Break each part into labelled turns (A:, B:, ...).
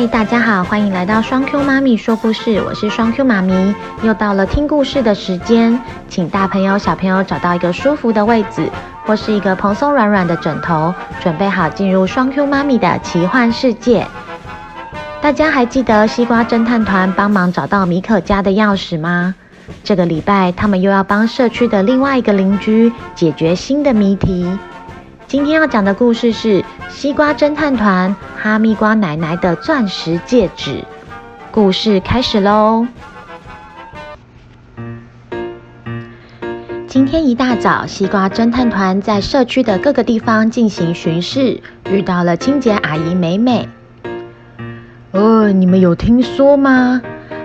A: 嗨，大家好，歡迎來到雙 Q 媽咪說故事，我是雙 Q 媽咪，又到了聽故事的時間，請大朋友小朋友找到一個舒服的位置，或是一個蓬鬆軟軟的枕頭，準備好進入雙 Q 媽咪的奇幻世界。大家還記得西瓜偵探團幫忙找到米可家的鑰匙嗎？這個禮拜他們又要幫社區的另外一個鄰居解決新的謎題。今天要講的故事是《西瓜偵探團》哈密瓜奶奶的鑽石戒指。故事開始嘍！今天一大早，西瓜偵探團在社區的各個地方進行巡視，遇到了清潔阿姨美美。哦、呃，你們有聽說嗎？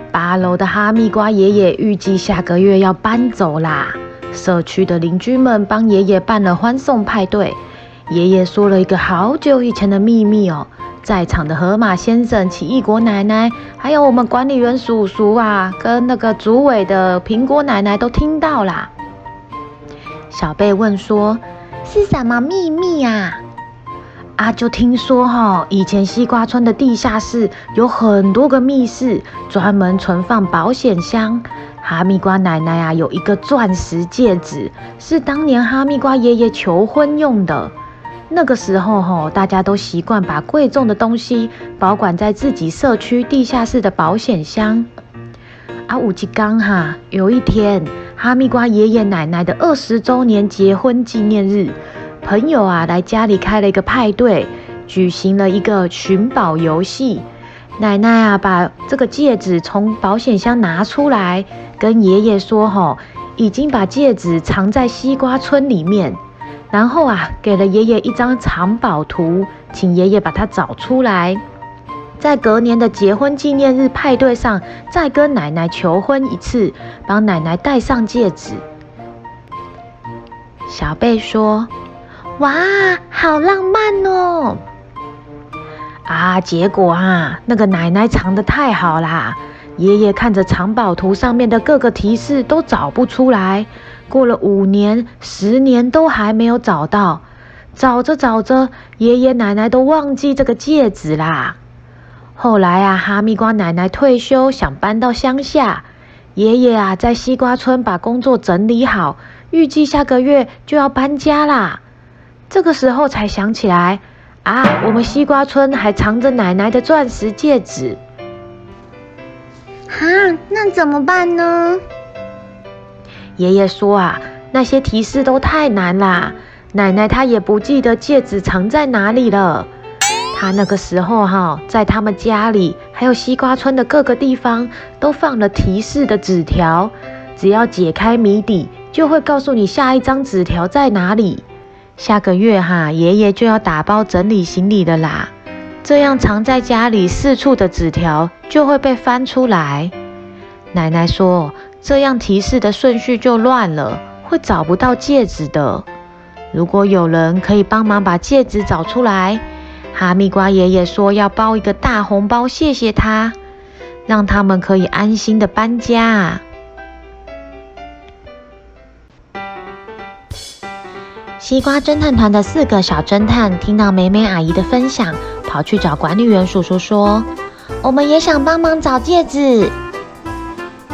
A: 八樓的哈密瓜爺爺預計下個月要搬走啦！社區的鄰居們幫爺爺辦了歡送派對。爺爺說了一個好久以前的秘密哦，在場的河馬先生、奇異果奶奶，還有我們管理員叔叔啊，跟那個主委的蘋果奶奶都聽到啦。小貝問說：“是什麼秘密啊？”啊，就聽說哈、哦，以前西瓜村的地下室有很多個密室，專門存放保險箱。哈密瓜奶奶啊，有一個鑽石戒指，是當年哈密瓜爺爺求婚用的。那個時候哈，大家都習慣把貴重的東西保管在自己社區地下室的保險箱。啊，五吉剛哈，有一天，哈密瓜爺爺奶奶的二十周年結婚紀念日，朋友啊來家裡開了一個派對，舉行了一個尋寶遊戲。奶奶啊把這個戒指從保險箱拿出來，跟爺爺說哈，已經把戒指藏在西瓜村裡面。然後啊，給了爺爺一張藏寶圖，請爺爺把它找出來，在隔年的結婚紀念日派對上，再跟奶奶求婚一次，幫奶奶戴上戒指。小貝說：“哇，好浪漫哦！”啊，結果啊，那個奶奶藏得太好啦，爺爺看着藏寶圖上面的各個提示都找不出來。過了五年、十年都還沒有找到，找着找着，爺爺奶奶都忘記這個戒指啦。後來啊，哈密瓜奶奶退休，想搬到鄉下。爺爺啊，在西瓜村把工作整理好，預計下個月就要搬家啦。這個時候才想起來啊，我們西瓜村還藏着奶奶的鑽石戒指。啊，那怎麼辦呢？爺爺說啊，那些提示都太難啦。奶奶她也不記得戒指藏在哪裡了。她那個時候哈，在他們家裡還有西瓜村的各個地方都放了提示的紙條，只要解開謎底，就會告訴你下一張紙條在哪裡。下個月哈、啊，爺爺就要打包整理行李了啦，這樣藏在家裡四處的紙條就會被翻出來。奶奶說。這樣提示的順序就亂了，會找不到戒指的。如果有人可以幫忙把戒指找出來，哈密瓜爺爺說要包一個大紅包，謝謝他，讓他們可以安心的搬家。西瓜偵探團的四個小偵探聽到美美阿姨的分享，跑去找管理員叔叔說：“嗯，我們也想幫忙找戒指。”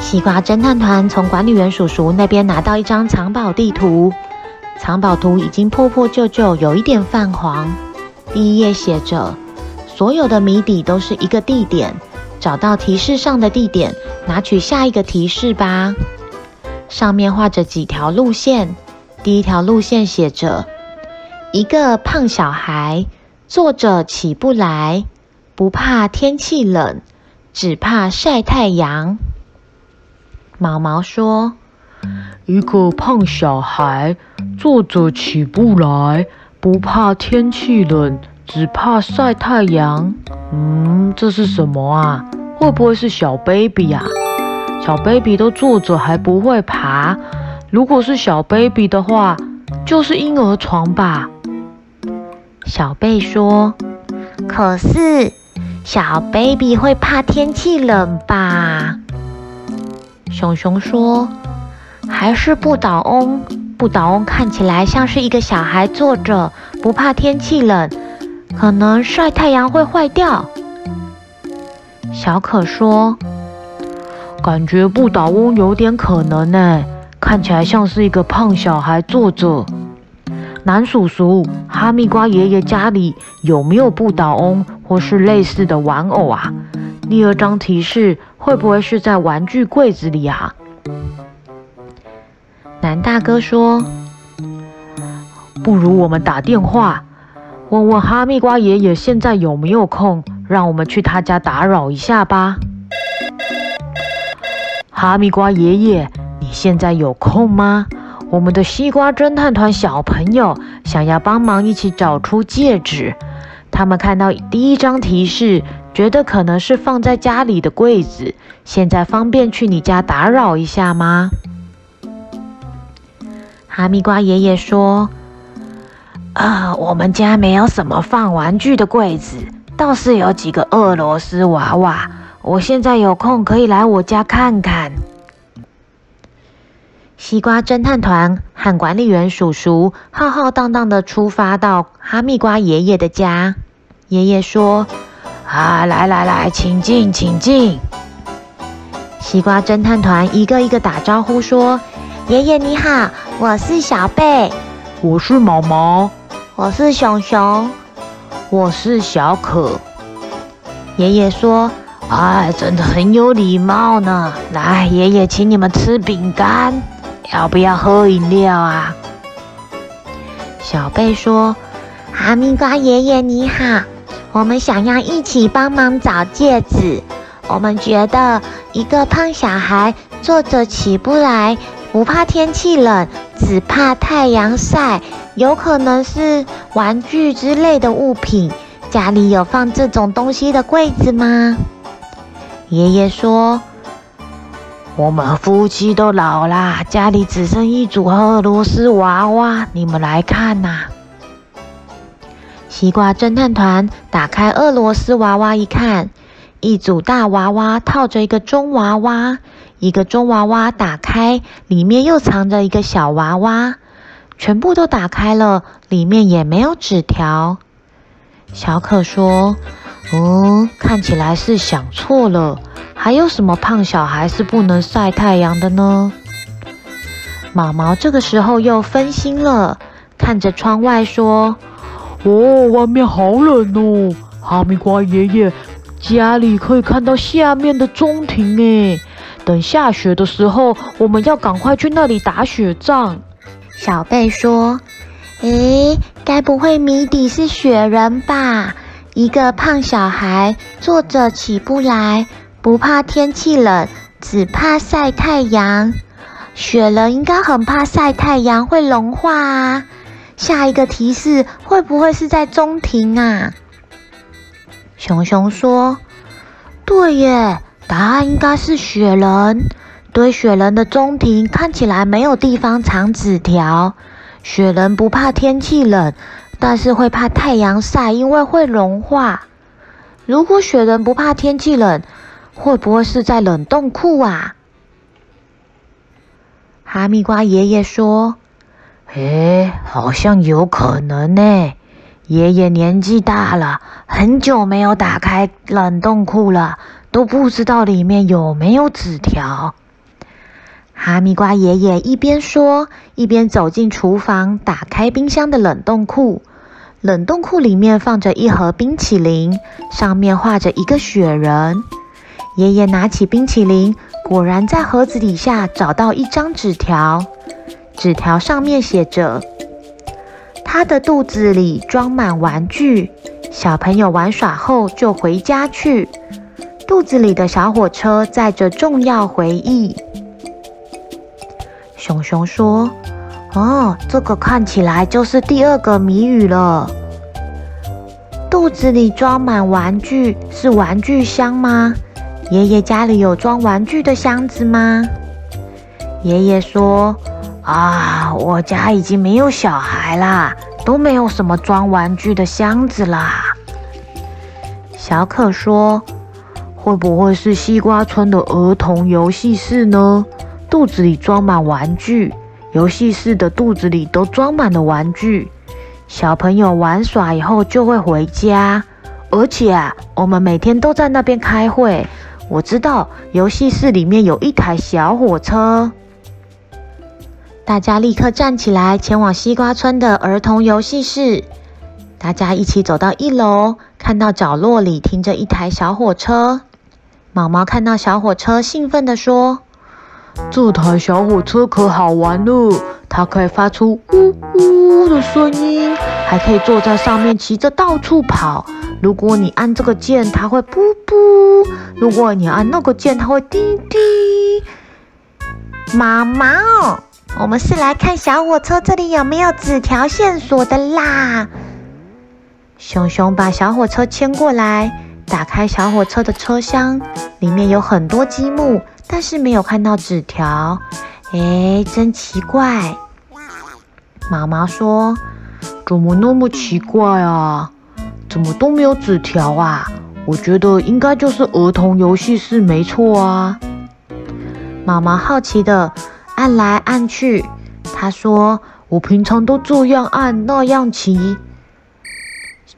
A: 西瓜偵探團從管理員叔叔那邊拿到一張藏寶地圖，藏寶圖已經破破舊舊，有一點泛黃。第一頁寫着：“所有的謎底都是一個地點，找到提示上的地點，拿取下一個提示吧。”上面畫着幾條路線，第一條路線寫着：“一個胖小孩，坐着起不來，不怕天氣冷，只怕曬太陽。”毛毛說：“一個胖小孩坐着起不來，不怕天氣冷，只怕曬太陽。”嗯，這是什麼啊？會不會是小 baby 啊？小 baby 都坐着還不會爬。如果是小 baby 的話，就是嬰兒床吧？小貝說：“可是小 baby 會怕天氣冷吧？”熊熊說：“還是不倒翁，不倒翁看起來像是一個小孩坐着，不怕天氣冷，可能曬太陽會壞掉。”小可說：“感覺不倒翁有點可能呢，看起來像是一個胖小孩坐着。”男叔叔，哈密瓜爺爺家裡有沒有不倒翁或是類似的玩偶啊？第二張提示。會不會是在玩具櫃子裡啊？男大哥說：“不如我們打電話問問哈密瓜爺爺，現在有沒有空？讓我們去他家打擾一下吧。”哈密瓜爺爺，你現在有空嗎？我們的西瓜偵探團小朋友想要幫忙一起找出戒指。他們看到第一張提示。覺得可能是放在家裡的櫃子，現在方便去你家打擾一下嗎？哈密瓜爺爺說：“啊，我們家沒有什麼放玩具的櫃子，倒是有幾個俄羅斯娃娃。我現在有空，可以來我家看看。”西瓜偵探團和管理員叔叔浩浩蕩蕩的出發到哈密瓜爺爺的家。爺爺說：啊，來來來，請進，請進。西瓜偵探團一個一個打招呼說：“爺爺你好，我是小貝，我是毛毛，我是熊熊，我是小可。”爺爺說：“哎，真的很有禮貌呢。來，爺爺請你們吃餅乾，要不要喝飲料啊？”小貝說：“哈密瓜爺爺你好。”我們想要一起幫忙找戒指。我們覺得一個胖小孩坐着起不來，不怕天氣冷，只怕太陽曬。有可能是玩具之類的物品。家裡有放這種東西的櫃子嗎？爺爺說：“我們夫妻都老啦，家裡只剩一組俄羅斯娃娃，你們來看吶、啊。”西瓜偵探團打開俄羅斯娃娃，一看，一組大娃娃套着一個中娃娃，一個中娃娃打開，裡面又藏着一個小娃娃，全部都打開了，裡面也沒有紙條。小可說：“嗯，看起來是想錯了。還有什麼胖小孩是不能曬太陽的呢？”毛毛這個時候又分心了，看着窗外說。哦，外面好冷哦！哈密瓜爺爺家裡可以看到下面的中庭哎，等下雪的時候，我們要趕快去那裡打雪仗。小貝說：“哎，該不會謎底是雪人吧？一個胖小孩坐着起不來，不怕天氣冷，只怕曬太陽。雪人應該很怕曬太陽，會融化啊。”下一個提示會不會是在中庭啊？熊熊說：“對耶，答案應該是雪人。堆雪人的中庭看起來沒有地方藏紙條。雪人不怕天氣冷，但是會怕太陽曬，因為會融化。如果雪人不怕天氣冷，會不會是在冷凍庫啊？”哈密瓜爺爺說。誒，好像有可能呢。爺爺年紀大了，很久沒有打開冷凍庫了，都不知道裡面有沒有紙條。哈密瓜爺爺一邊說，一邊走進廚房，打開冰箱的冷凍庫。冷凍庫裡面放着一盒冰淇淋，上面畫着一個雪人。爺爺拿起冰淇淋，果然在盒子底下找到一張紙條。紙條上面寫着：“他的肚子裡裝滿玩具，小朋友玩耍後就回家去。肚子裡的小火車載着重要回憶。”熊熊說：“哦，這個看起來就是第二個謎語了。肚子裡裝滿玩具是玩具箱嗎？爺爺家裡有裝玩具的箱子嗎？”爺爺說。啊，我家已經沒有小孩啦，都沒有什麼裝玩具的箱子了。小可說：“會不會是西瓜村的兒童遊戲室呢？”肚子裡裝滿玩具，遊戲室的肚子裡都裝滿了玩具，小朋友玩耍以後就會回家。而且啊，我們每天都在那邊開會。我知道遊戲室裡面有一台小火車。大家立刻站起來，前往西瓜村的兒童遊戲室。大家一起走到一樓，看到角落裡停着一台小火車。毛毛看到小火車，興奮地說：“這台小火車可好玩了哦！它可以發出嗚嗚的聲音，還可以坐在上面騎着到處跑。如果你按這個鍵，它會噗噗；如果你按那個鍵，它會滴滴。”媽媽。我們是來看小火車這裡有沒有紙條線索的啦。熊熊把小火車牽過來，打開小火車的車廂，裡面有很多積木，但是沒有看到紙條。哎，真奇怪！媽媽說：“怎麼那麼奇怪啊？怎麼都沒有紙條啊？”我覺得應該就是兒童遊戲室沒錯啊。媽媽好奇的，按來按去，他說：“我平常都這樣按那樣騎。”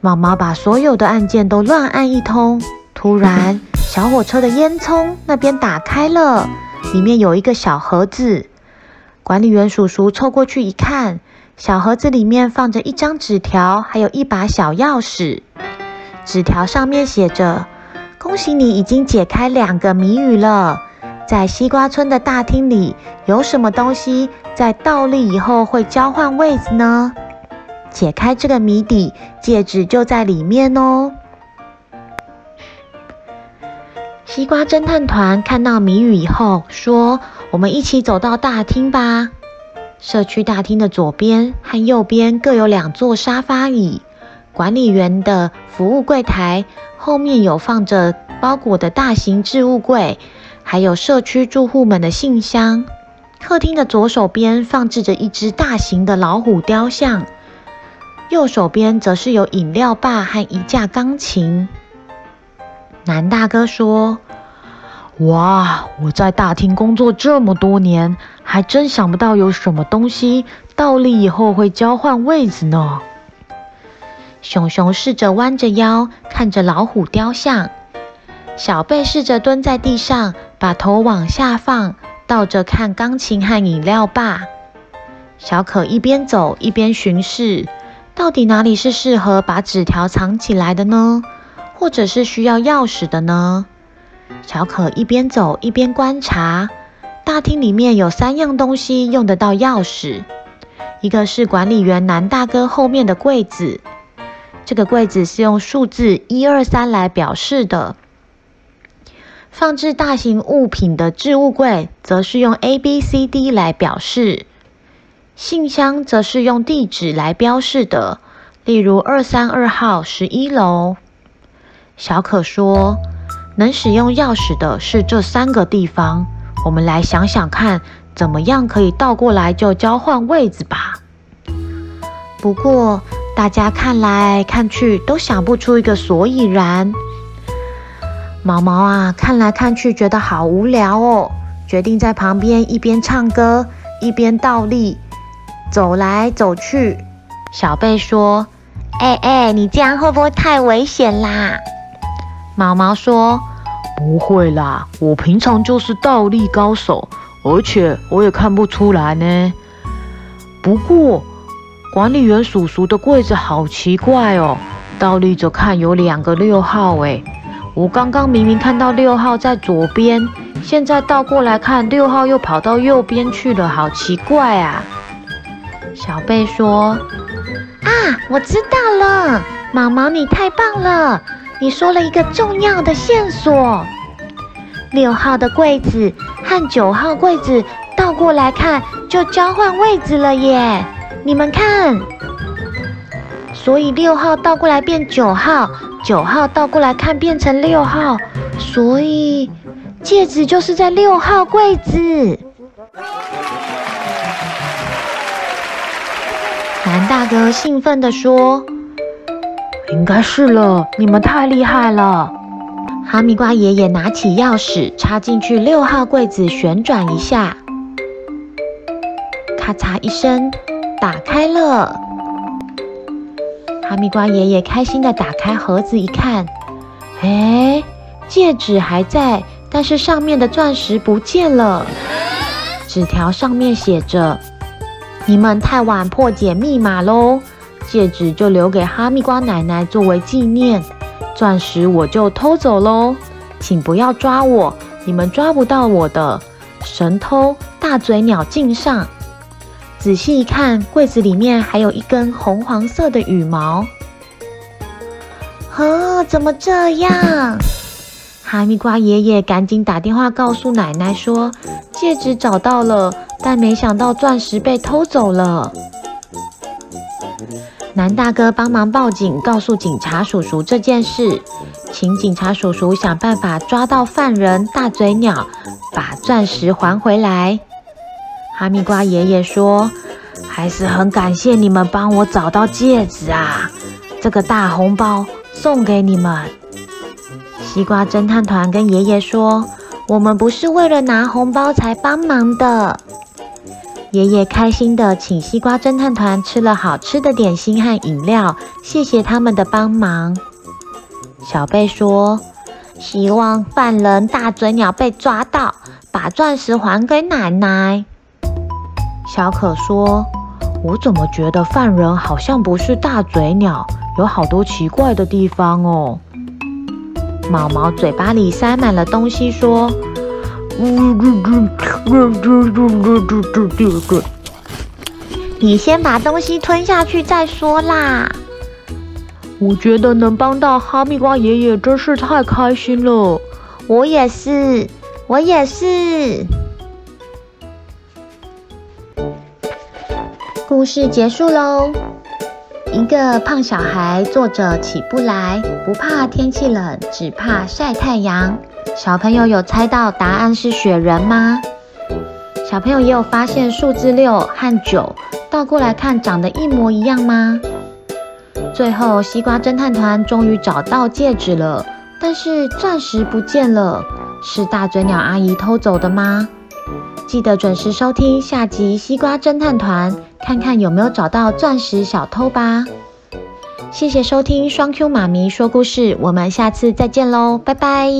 A: 媽媽把所有的按鍵都亂按一通，突然，小火車的煙囪那邊打開了，裡面有一個小盒子。管理員叔叔湊過去一看，小盒子裡面放着一張紙條，還有一把小鑰匙。紙條上面寫着：“恭喜你，已經解開兩個謎語了。”在西瓜村的大廳裡，有什麼東西在倒立以後會交換位置呢？解開這個謎底，戒指就在裡面哦。西瓜偵探團看到謎語以後，說：“我們一起走到大廳吧。”社區大廳的左邊和右邊各有兩座沙發椅，管理員的服務櫃台後面有放着包裹的大型置物櫃。還有社區住戶們的信箱。客廳的左手邊放置着一隻大型的老虎雕像，右手邊則是有飲料吧和一架鋼琴。男大哥說：“哇，我在大廳工作這麼多年，還真想不到有什麼東西倒立以後會交換位置呢。”熊熊試着彎着腰看着老虎雕像。小貝試着蹲在地上，把頭往下放，倒着看鋼琴和飲料吧。小可一邊走一邊巡視，到底哪裡是適合把紙條藏起來的呢？或者是需要鑰匙的呢？小可一邊走一邊觀察，大廳裡面有三樣東西用得到鑰匙，一個是管理員男大哥後面的櫃子，這個櫃子是用數字一二三來表示的。放置大型物品的置物櫃，則是用 A、B、C、D 來表示；信箱則是用地址來標示的，例如二三二號十一樓。小可說：“能使用鑰匙的是這三個地方，我們來想想看，怎麼樣可以倒過來就交換位置吧？”不過大家看來看去都想不出一個所以然。毛毛啊，看來看去覺得好無聊哦，決定在旁邊一邊唱歌一邊倒立走來走去。小貝說：“哎哎、欸欸，你這樣會不會太危險啦？”毛毛說：“不會啦，我平常就是倒立高手，而且我也看不出來呢。不過管理員叔叔的櫃子好奇怪哦，倒立着看有兩個六號哎。”我剛剛明明看到六號在左邊，現在倒過來看，六號又跑到右邊去了，好奇怪啊！小貝說：“啊，我知道了，毛毛你太棒了，你說了一個重要的線索。六號的櫃子和九號櫃子倒過來看就交換位置了耶，你們看，所以六號倒過來變九號。”九號倒過來看變成六號，所以戒指就是在六號櫃子。男大哥興奮地說：“應該是了，你們太厲害了！”哈密瓜爺爺拿起鑰匙插進去六號櫃子，旋轉一下，咔嚓一聲，打開了。哈密瓜爺爺開心地打開盒子一看，誒，戒指還在，但是上面的鑽石不見了。紙條上面寫着：“你們太晚破解密碼嘍，戒指就留給哈密瓜奶奶作為紀念，鑽石我就偷走嘍，請不要抓我，你們抓不到我的神偷大嘴鳥敬上。”仔細一看，櫃子裡面還有一根紅黃色的羽毛。啊、哦，怎麼這樣？ 哈密瓜爺爺趕緊打電話告訴奶奶說，戒指找到了，但沒想到鑽石被偷走了。南大哥幫忙報警，告訴警察叔叔這件事，請警察叔叔想辦法抓到犯人，大嘴鳥，把鑽石還回來。哈密瓜爺爺說：“還是很感謝你們幫我找到戒指啊！這個大紅包送給你們。”西瓜偵探團跟爺爺說：“我們不是為了拿紅包才幫忙的。”爺爺開心地請西瓜偵探團吃了好吃的點心和飲料，謝謝他們的幫忙。小貝說：“希望犯人大嘴鳥被抓到，把鑽石還給奶奶。”小可說：“我怎麼覺得犯人好像不是大嘴鳥，有好多奇怪的地方哦。”毛毛嘴巴裡塞滿了東西，說：“你先把東西吞下去再說啦。”我覺得能幫到哈密瓜爺爺真是太開心了。我也是，我也是。故事結束嘍。一個胖小孩坐着起不來，不怕天氣冷，只怕曬太陽。小朋友有猜到答案是雪人嗎？小朋友也有發現數字六和九倒過來看長得一模一樣嗎？最後西瓜偵探團終於找到戒指了，但是鑽石不見了，是大嘴鳥阿姨偷走的嗎？記得準時收聽下集《西瓜偵探團》。看看有沒有找到鑽石小偷吧！謝謝收聽雙 Q 媽咪說故事，我們下次再見嘍，拜拜。